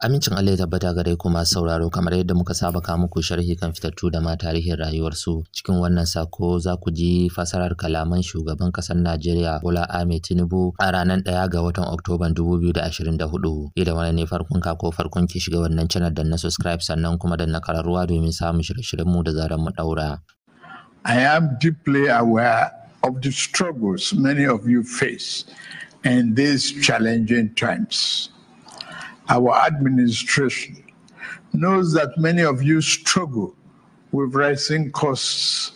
Amincin Allah ya tabbata gare ku masu sauraro kamar yadda muka saba ka muku sharhi kan fitattu da ma tarihin rayuwarsu cikin wannan sako za ku ji fasarar kalaman shugaban kasar Najeriya Bola Ahmed Tinubu a ranar ɗaya ga watan Oktoban 2024. Idan wani ne farkon ka ko farkon ki shiga wannan channel da na subscribe sannan kuma da na kararruwa domin samun shirye-shiryen mu da zaran mu daura. I am deeply aware of the struggles many of you face in these challenging times. our administration, knows that many of you struggle with rising costs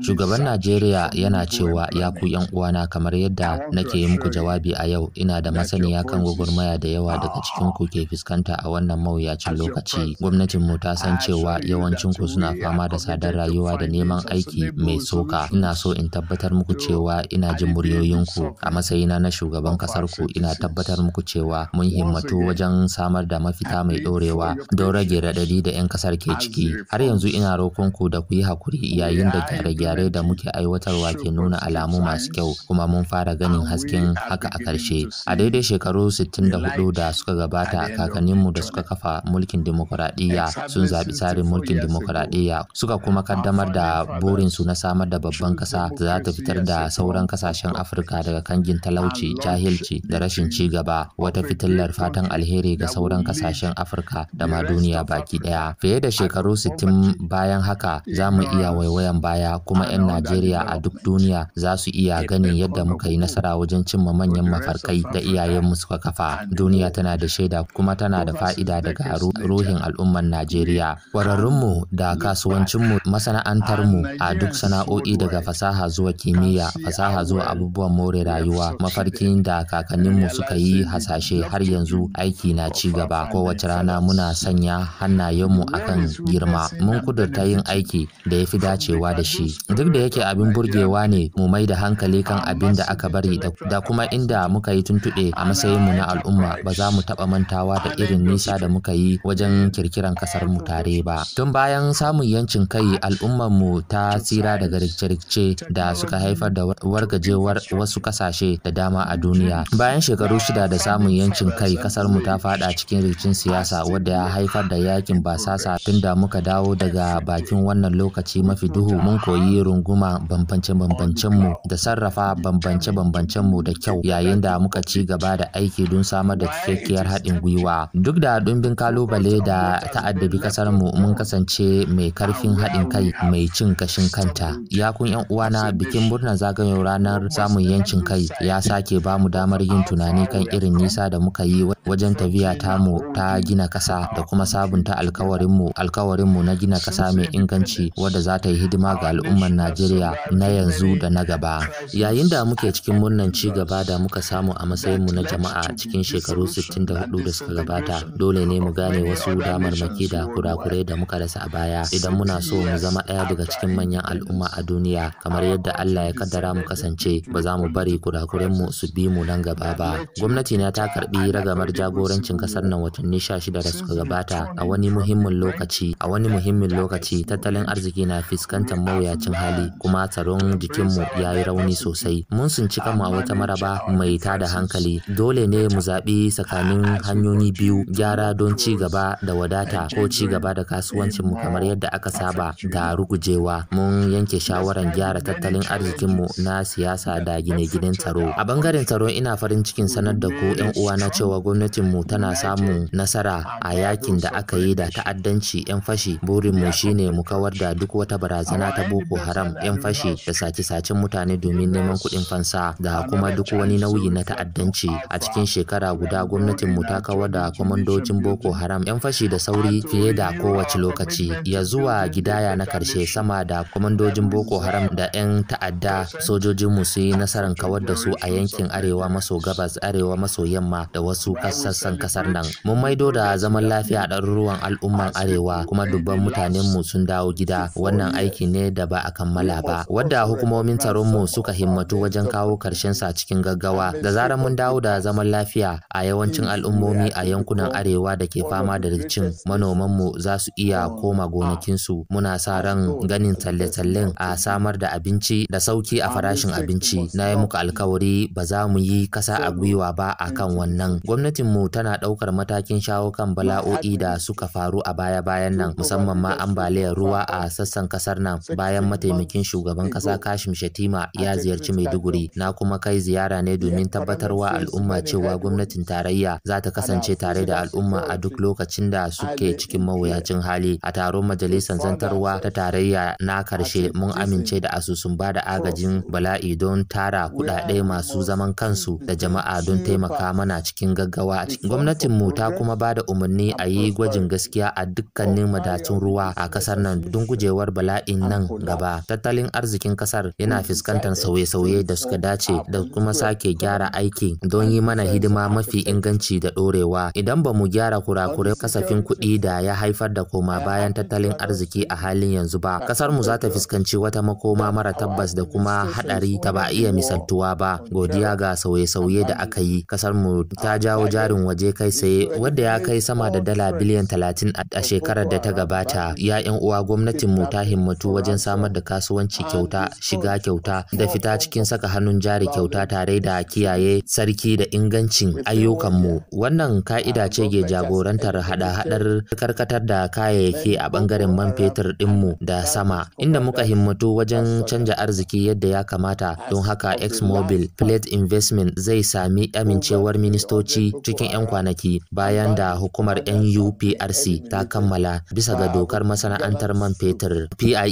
Shugaban Najeriya yana cewa ya ku ‘yan uwana kamar yadda nake yi muku jawabi a yau ina da masaniya kan gwagwarmaya da yawa daga cikin ku ke fuskanta a wannan mawuyacin lokaci. Gwamnatinmu ta san cewa yawancin ku suna fama da sadar rayuwa da neman aiki mai soka. Ina so in tabbatar muku cewa ina jin muryoyin ku a matsayina na shugaban kasar ku ina tabbatar muku cewa mun himmatu wajen samar da mafita mai ɗorewa don rage raɗaɗi da ‘yan kasar ke ciki. Har yanzu ina roƙon ku da ku yi hakuri yayin da gyare-gyare da muke aiwatarwa ke nuna alamu masu kyau kuma mun fara ganin hasken haka a ƙarshe. A daidai shekaru 64 da suka gabata kakanninmu da suka kafa mulkin dimokuraɗiyya sun zaɓi tsarin mulkin dimokuraɗiyya suka kuma kaddamar da burinsu na samar da babban ƙasa da za ta fitar da sauran ƙasashen Afirka daga kangin talauci, jahilci da rashin ci gaba wata fitillar fatan alheri ga sauran ƙasashen Afirka da ma duniya baki ɗaya. Fiye da shekaru 60 bayan haka za mu iya waiwayan baya kuma 'yan Najeriya a duk duniya za su iya ganin yadda muka yi nasara wajen cimma manyan mafarkai da iyayenmu suka kafa. Duniya tana da shaida kuma tana da fa'ida daga ruhin al'ummar Najeriya. Kwararrunmu da kasuwancinmu masana'antarmu a duk sana'o'i daga fasaha zuwa kimiyya, fasaha zuwa abubuwan more rayuwa, mafarkin da kakanninmu suka yi hasashe har yanzu aiki na ci gaba. Kowace rana muna sanya hannayenmu akan girma. Mun kudurta yin aiki da ya fi dacewa da shi. shi duk da yake abin burgewa ne mu mai da hankali kan abin da aka bari da kuma inda muka yi tuntuɗe a matsayinmu na al'umma ba za mu taɓa mantawa da irin nisa da muka yi wajen kirkiran kasar mu tare ba tun bayan samun yancin kai al'ummar mu ta tsira daga rikice-rikice da suka haifar da wargajewar wasu ƙasashe da dama a duniya bayan shekaru shida da samun yancin kai kasar mu ta faɗa cikin rikicin siyasa wadda ya haifar da yakin basasa tun da muka dawo daga bakin wannan lokaci mafi duhu mun koyi runguma bambance-bambancenmu da sarrafa bambance-bambancenmu da kyau yayin da muka ci gaba da aiki don samar da cikakkiyar haɗin gwiwa. Duk da ɗumbin kalubale da ta'addabi ƙasarmu mun kasance mai karfin haɗin kai mai cin kashin kanta. Ya kun 'yan uwana bikin murnar zagayen ranar samun yancin kai ya sake ba mu damar yin tunani kan irin nisa da muka yi wajen tafiya ta mu ta gina ƙasa da kuma sabunta alkawarinmu alkawarinmu na gina ƙasa mai inganci wadda za ta yi hidima ga al'ummar Najeriya na yanzu da na gaba. Yayin da muke cikin murnan ci gaba da muka samu a matsayinmu na jama'a cikin shekaru 64 da suka gabata, dole ne mu gane wasu damarmaki da kurakurai da muka rasa a baya idan muna so mu zama ɗaya daga cikin manyan al'umma a duniya kamar yadda Allah ya kaddara mu kasance ba za mu bari kurakurenmu su bi mu nan gaba ba. Gwamnati na ta karɓi ragamar jagorancin ƙasar nan watanni 16 da suka gabata a wani muhimmin lokaci a wani muhimmin lokaci tattalin arziki na fuskantar mawuya mawuyacin hali kuma tsaron jikinmu ya yi rauni sosai mun sunci kanmu a wata maraba mai tada hankali dole ne mu zaɓi tsakanin hanyoyi biyu gyara don ci gaba da wadata ko ci gaba da kasuwancinmu kamar yadda aka saba da rugujewa mun yanke shawaran gyara tattalin arzikinmu na siyasa da gine-ginen tsaro a bangaren tsaro ina farin cikin sanar da ku yan uwa na cewa gwamnatinmu tana samun nasara a yakin da aka yi da ta'addanci yan fashi burinmu shine mu kawar da duk wata barazana ta boko haram yan fashe da sace-sacen mutane domin neman kuɗin fansa da kuma duk wani nauyi na ta'addanci a cikin shekara guda gwamnatin mu ta kawar da kwamandojin boko haram yan fashe da sauri fiye da kowace lokaci ya zuwa gidaya na karshe sama da kwamandojin boko haram da yan ta'adda sojojin mu su yi nasarar kawar da su a yankin arewa maso gabas arewa maso yamma da wasu kasassan kasar nan mun maido da zaman lafiya a ɗaruruwan al'umman arewa kuma dubban mutanen mu sun dawo gida wannan aiki ne da da ba a kammala ba wadda hukumomin tsaronmu suka himmatu wajen kawo karshen sa cikin gaggawa da zarar mun dawo da zaman lafiya a yawancin al'ummomi a yankunan arewa da ke fama da rikicin manomanmu za su iya koma gonakinsu muna sa ran ganin talle-tallen a samar da abinci da sauki a farashin abinci na yi muku alkawari ba za mu yi kasa a gwiwa ba a kan wannan gwamnatinmu tana ɗaukar matakin shawo kan bala'o'i da suka faru a baya-bayan nan musamman ma ambaliyar ruwa a sassan ƙasar nan bayan bayan mataimakin shugaban kasa Kashim Shatima ya ziyarci Maiduguri na kuma kai ziyara ne domin tabbatarwa al'umma cewa gwamnatin tarayya za ta kasance tare da al'umma a duk lokacin da suke cikin mawuyacin hali a taron majalisar zantarwa ta tarayya na karshe mun amince da asusun ba da agajin bala'i don tara kuɗaɗe masu zaman kansu da jama'a don taimaka mana cikin gaggawa gwamnatinmu ta kuma ba da umarni a yi gwajin gaskiya a dukkanin madatun ruwa a kasar nan don gujewar bala'in nan gaba tattalin arzikin kasar yana fuskantar sauye-sauye da suka dace da kuma sake gyara aiki don yi mana hidima mafi inganci da ɗorewa idan ba mu gyara kurakurai kasafin kuɗi da ya haifar da koma bayan tattalin arziki a halin yanzu ba kasar mu za ta fuskanci wata makoma mara tabbas da kuma haɗari ta ba iya misaltuwa ba godiya ga sauye-sauye da aka yi kasar mu ta jawo jarin waje kai saye wadda ya kai sama da dala biliyan talatin a shekarar da ta gabata ya 'yan uwa gwamnatin mu ta himmatu wajen samun samar da kasuwanci kyauta shiga kyauta da fita cikin saka hannun jari kyauta tare da kiyaye sarki da ingancin ayyukanmu wannan ka'ida ce ke jagorantar hada-hadar karkatar da kayayyaki a bangaren man fetur dinmu da sama inda muka himmatu wajen canja arziki yadda ya kamata don haka exmobil plate investment zai sami amincewar ministoci cikin 'yan kwanaki bayan da hukumar nuprc ta kammala bisa ga dokar masana'antar man fetur pia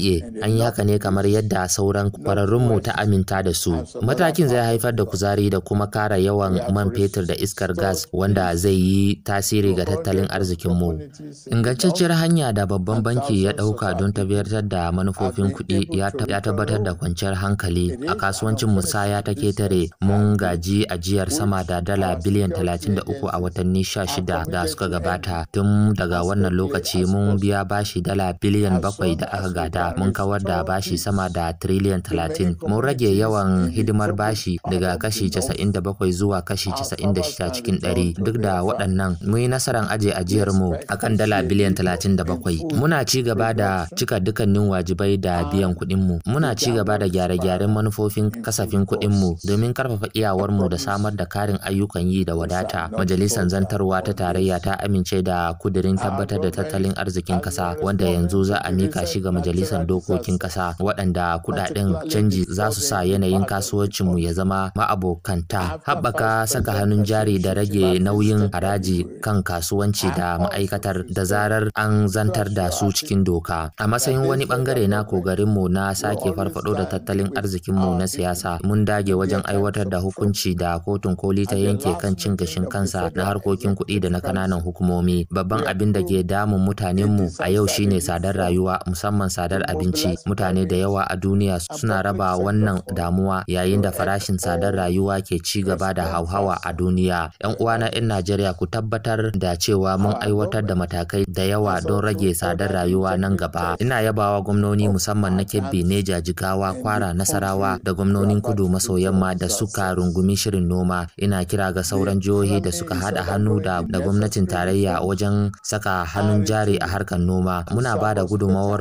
an yi haka ne kamar yadda sauran kwararrunmu ta aminta da su matakin zai haifar da kuzari da kuma kara yawan man fetur da iskar gas wanda zai yi tasiri ga tattalin arzikinmu ingantacciyar hanya da babban banki ya ɗauka don tabbatar da manufofin kuɗi ya tabbatar da kwanciyar hankali a kasuwancin Musa ya ta ketare mun gaji ajiyar sama da dala biliyan 33 a watanni 16 da suka gabata tun daga wannan lokaci mun biya bashi dala biliyan 7 da aka gada mun kawar wadda bashi sama da triliyan 30 mun rage yawan hidimar bashi daga kashi 97 zuwa kashi 96 cikin 100 duk da waɗannan mun yi nasarar aje ajiyar mu kan dala biliyan 37 muna ci gaba da cika dukkanin wajibai da ah, biyan kuɗin mu muna ci gaba da gyare-gyaren manufofin kasafin kuɗin mu domin karfafa iyawar mu da samar da karin ayyukan yi da wadata majalisar zantarwa ta tarayya ta amince da kudirin tabbatar da tattalin arzikin kasa wanda yanzu za a mika shi ga majalisar dokoki arzikin ƙasa waɗanda kuɗaɗen canji za su sa yanayin kasuwancinmu ya zama ma'abokanta haɓaka saka hannun jari da rage nauyin haraji kan kasuwanci da ma'aikatar da zarar an zantar da su cikin doka a matsayin wani bangare na kogarinmu na sake farfaɗo da tattalin arzikinmu na siyasa mun dage wajen aiwatar da hukunci da kotun koli ta yanke kan cin gashin kansa na harkokin kuɗi da na kananan hukumomi babban abin da ke damun mutanenmu a yau shine sadar rayuwa musamman sadar abinci mutane da yawa a duniya suna raba wannan damuwa yayin da farashin sadar rayuwa ke ci gaba da hauhawa a duniya yan uwana yan najeriya ku tabbatar da cewa mun aiwatar da matakai da yawa don rage sadar rayuwa nan gaba ina yabawa gwamnoni musamman na kebbi neja jigawa kwara nasarawa da gwamnonin kudu maso yamma da suka rungumi shirin noma ina kira ga sauran jihohi da suka haɗa hannu da gwamnatin tarayya wajen saka hannun jari a harkar noma muna ba da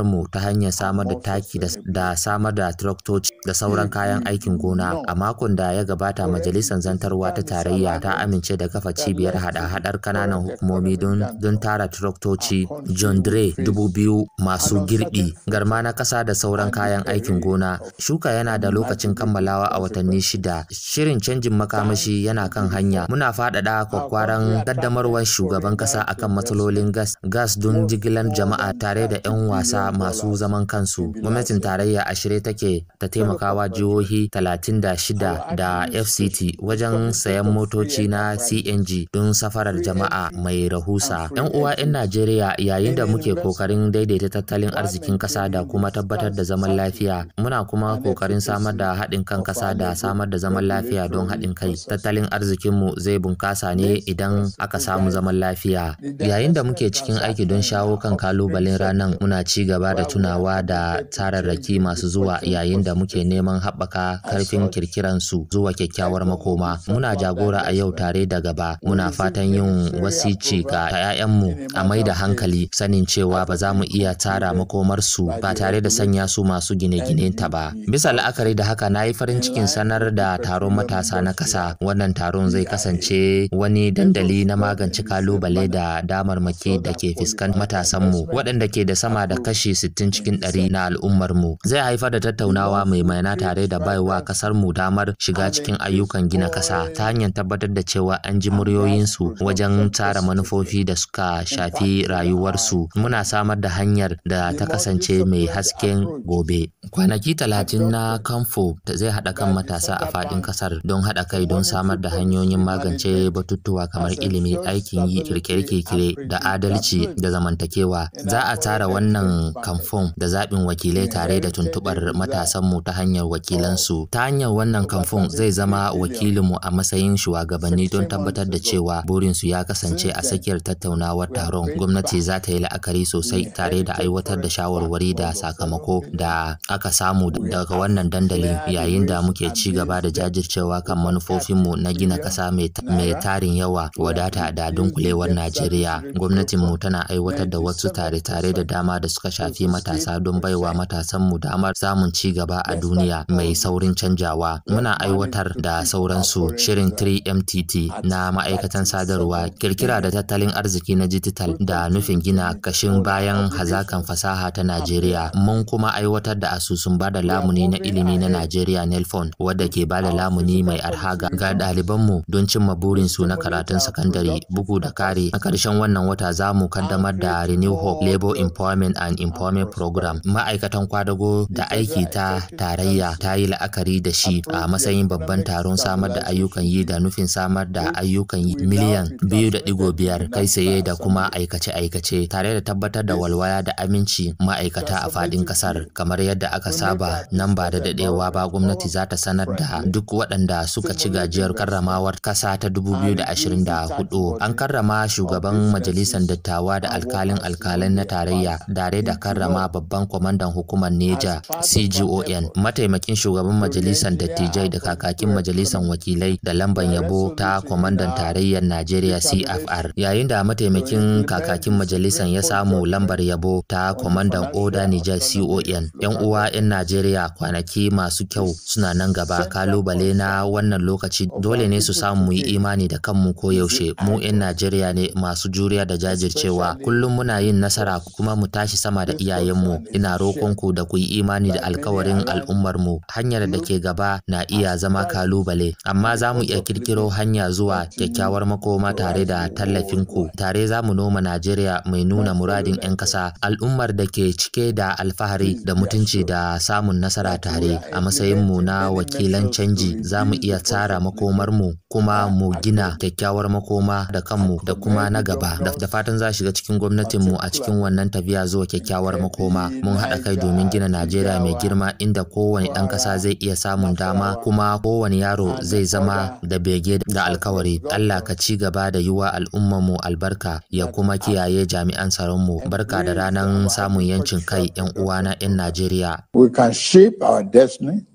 mu ta hanyar samar da taki da samar da traktoci da sauran mm. kayan aikin gona. A makon da ya gabata Majalisar Zantarwa ta Tarayya ta amince da kafa cibiyar hada-hadar kananan hukumomi don tara traktoci John Dre dubu biyu masu girbi, garma na kasa da sauran kayan aikin gona. Shuka yana da lokacin kammalawa a watanni shida. Shirin canjin makamashi yana kan hanya. Muna faɗaɗa kwakwaran gaddamarwar shugaban kasa akan matsalolin gas, gas don jigilar jama'a tare da 'yan wasa masu zaman kansu. Gwamnatin tarayya a shirye take ta taimakawa jihohi 36 da FCT wajen sayan motoci na CNG don safarar jama'a mai rahusa. 'Yan uwa 'yan Najeriya yayin da muke kokarin daidaita tattalin arzikin ƙasa da kuma tabbatar da zaman lafiya, muna kuma kokarin samar da haɗin kan kasa da samar da zaman lafiya don haɗin kai. Tattalin arzikinmu zai bunkasa ne idan aka samu zaman lafiya. Yayin da muke cikin aiki don shawo kan kalubalen ranar muna ci gaba da tunawa da tararraki masu zuwa yayin da muke neman haɓaka karfin kirkiransu zuwa kyakkyawar makoma. Muna jagora a yau tare da gaba. Muna fatan yin wasici ga 'ya'yanmu a mai da hankali sanin cewa ba za mu iya tara makomarsu ba tare da sanya su masu gine-gine ta ba. Bisa la'akari da haka na yi farin cikin sanar da taron matasa na kasa wannan taron zai kasance wani dandali na magance kalubale da damarmaki da ke fuskantar matasanmu waɗanda ke da sama da kashi 60 cikin 100 na al'ummarmu zai haifar da tattaunawa mai maina tare da baiwa ƙasarmu damar shiga cikin ayyukan gina ƙasa ta hanyar tabbatar da cewa an ji muryoyinsu wajen tsara manufofi da suka shafi rayuwarsu muna samar da hanyar da ta kasance mai hasken gobe kwanaki talatin na kamfo zai haɗa kan matasa a faɗin ƙasar don haɗa kai don samar da hanyoyin magance batutuwa kamar ilimi aikin yi kirkire-kirkire da adalci da zamantakewa za a tara wannan kamfon da zaɓin wakilai tare da tuntuɓar matasanmu ta hanyar wakilansu. Ta hanyar wannan kamfan zai zama wakilinmu a matsayin shugabanni don tabbatar da cewa burinsu ya kasance a tsakiyar tattaunawar taron. Gwamnati za ta yi la'akari sosai tare da aiwatar da shawarwari da sakamako da aka samu daga wannan dandali yayin da muke ci gaba da jajircewa kan manufofinmu na gina ƙasa mai tarin yawa wadata da dunkulewar Najeriya. Gwamnatinmu tana aiwatar da wasu tare-tare da dama da suka shafi matasa don baiwa Wa matasanmu damar samun ci gaba a duniya mai saurin canjawa. Muna aiwatar da sauransu shirin 3MTT na ma'aikatan sadarwa, kirkira da tattalin arziki na digital da nufin gina kashin bayan hazakan fasaha ta Najeriya. Mun kuma aiwatar da asusun bada lamuni na ilimi na Najeriya Nelfon wadda ke bada lamuni mai arha ga ɗalibanmu don cimma burinsu na karatun sakandare bugu da kare. A ƙarshen wannan wata za mu kaddamar da Renew Hope Labor Employment and Employment Program. ma'aikatan kwadago da aiki ta tarayya ta yi la'akari da shi a matsayin babban taron samar da ayyukan yi da nufin samar da ayyukan yi miliyan biyu da digo biyar kai saye da kuma aikace-aikace tare da tabbatar da walwaya da aminci ma'aikata a fadin kasar kamar yadda aka saba nan ba da dadewa ba gwamnati za ta sanar da duk waɗanda suka ci gajiyar karramawar kasa ta 2024 an karrama shugaban majalisar dattawa da alkalin alkalin na tarayya dare da karrama babban kwamandan kwamandan hukumar neja cgon mataimakin shugaban majalisar dattijai da kakakin majalisar wakilai da lambar yabo ta kwamandan tarayyar najeriya cfr yayin da mataimakin kakakin majalisar ya samu lambar yabo ta kwamandan oda niger con yan uwa yan najeriya kwanaki masu kyau suna nan gaba kalubale na wannan lokaci dole ne su samu yi imani da kanmu ko yaushe. mu yan najeriya ne masu juriya da jajircewa kullum muna yin nasara kuma mu tashi sama da iyayenmu ina roƙo roƙonku da ku yi imani da alkawarin al'ummar mu hanyar da ke gaba na iya zama kalubale amma za mu iya kirkiro hanya zuwa kyakkyawar makoma tare da tallafinku tare za mu noma najeriya mai nuna muradin 'yan ƙasa al'ummar da ke cike da alfahari da mutunci da samun nasara tare a matsayinmu na wakilan canji za mu iya tsara makomarmu kuma mu gina kyakkyawar makoma da kanmu da kuma na gaba da fatan za shiga cikin gwamnatinmu a cikin wannan tafiya zuwa kyakkyawar makoma mun haɗa kai domin gina Najeriya mai girma inda kowane ɗan ƙasa zai iya samun dama kuma kowane yaro zai zama da bege da alkawari. Allah ka ci gaba da yiwa al'ummarmu albarka ya kuma kiyaye jami'an tsaronmu. Barka da ranar samun yancin kai 'yan uwana 'yan Najeriya. We can shape our destiny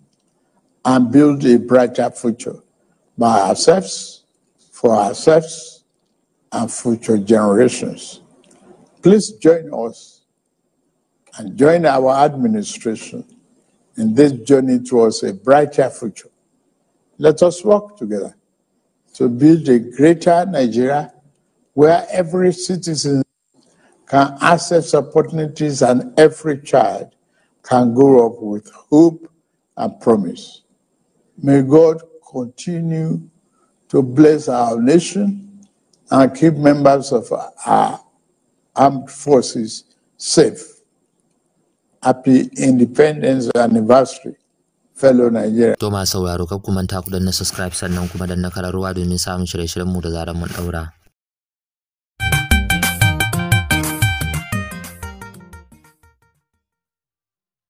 and build a brighter future by ourselves, for ourselves, and future generations. Please join us and join our administration in this journey towards a brighter future. Let us work together to build a greater Nigeria where every citizen can access opportunities and every child can grow up with hope and promise. May God continue to bless our nation and keep members of our armed forces safe. happy independence anniversary fellow Nigeria. To masu sauraro kuma ku manta ku na subscribe sannan kuma na kararrawa domin samun shirye-shiryen mu da zaran mun ɗaura.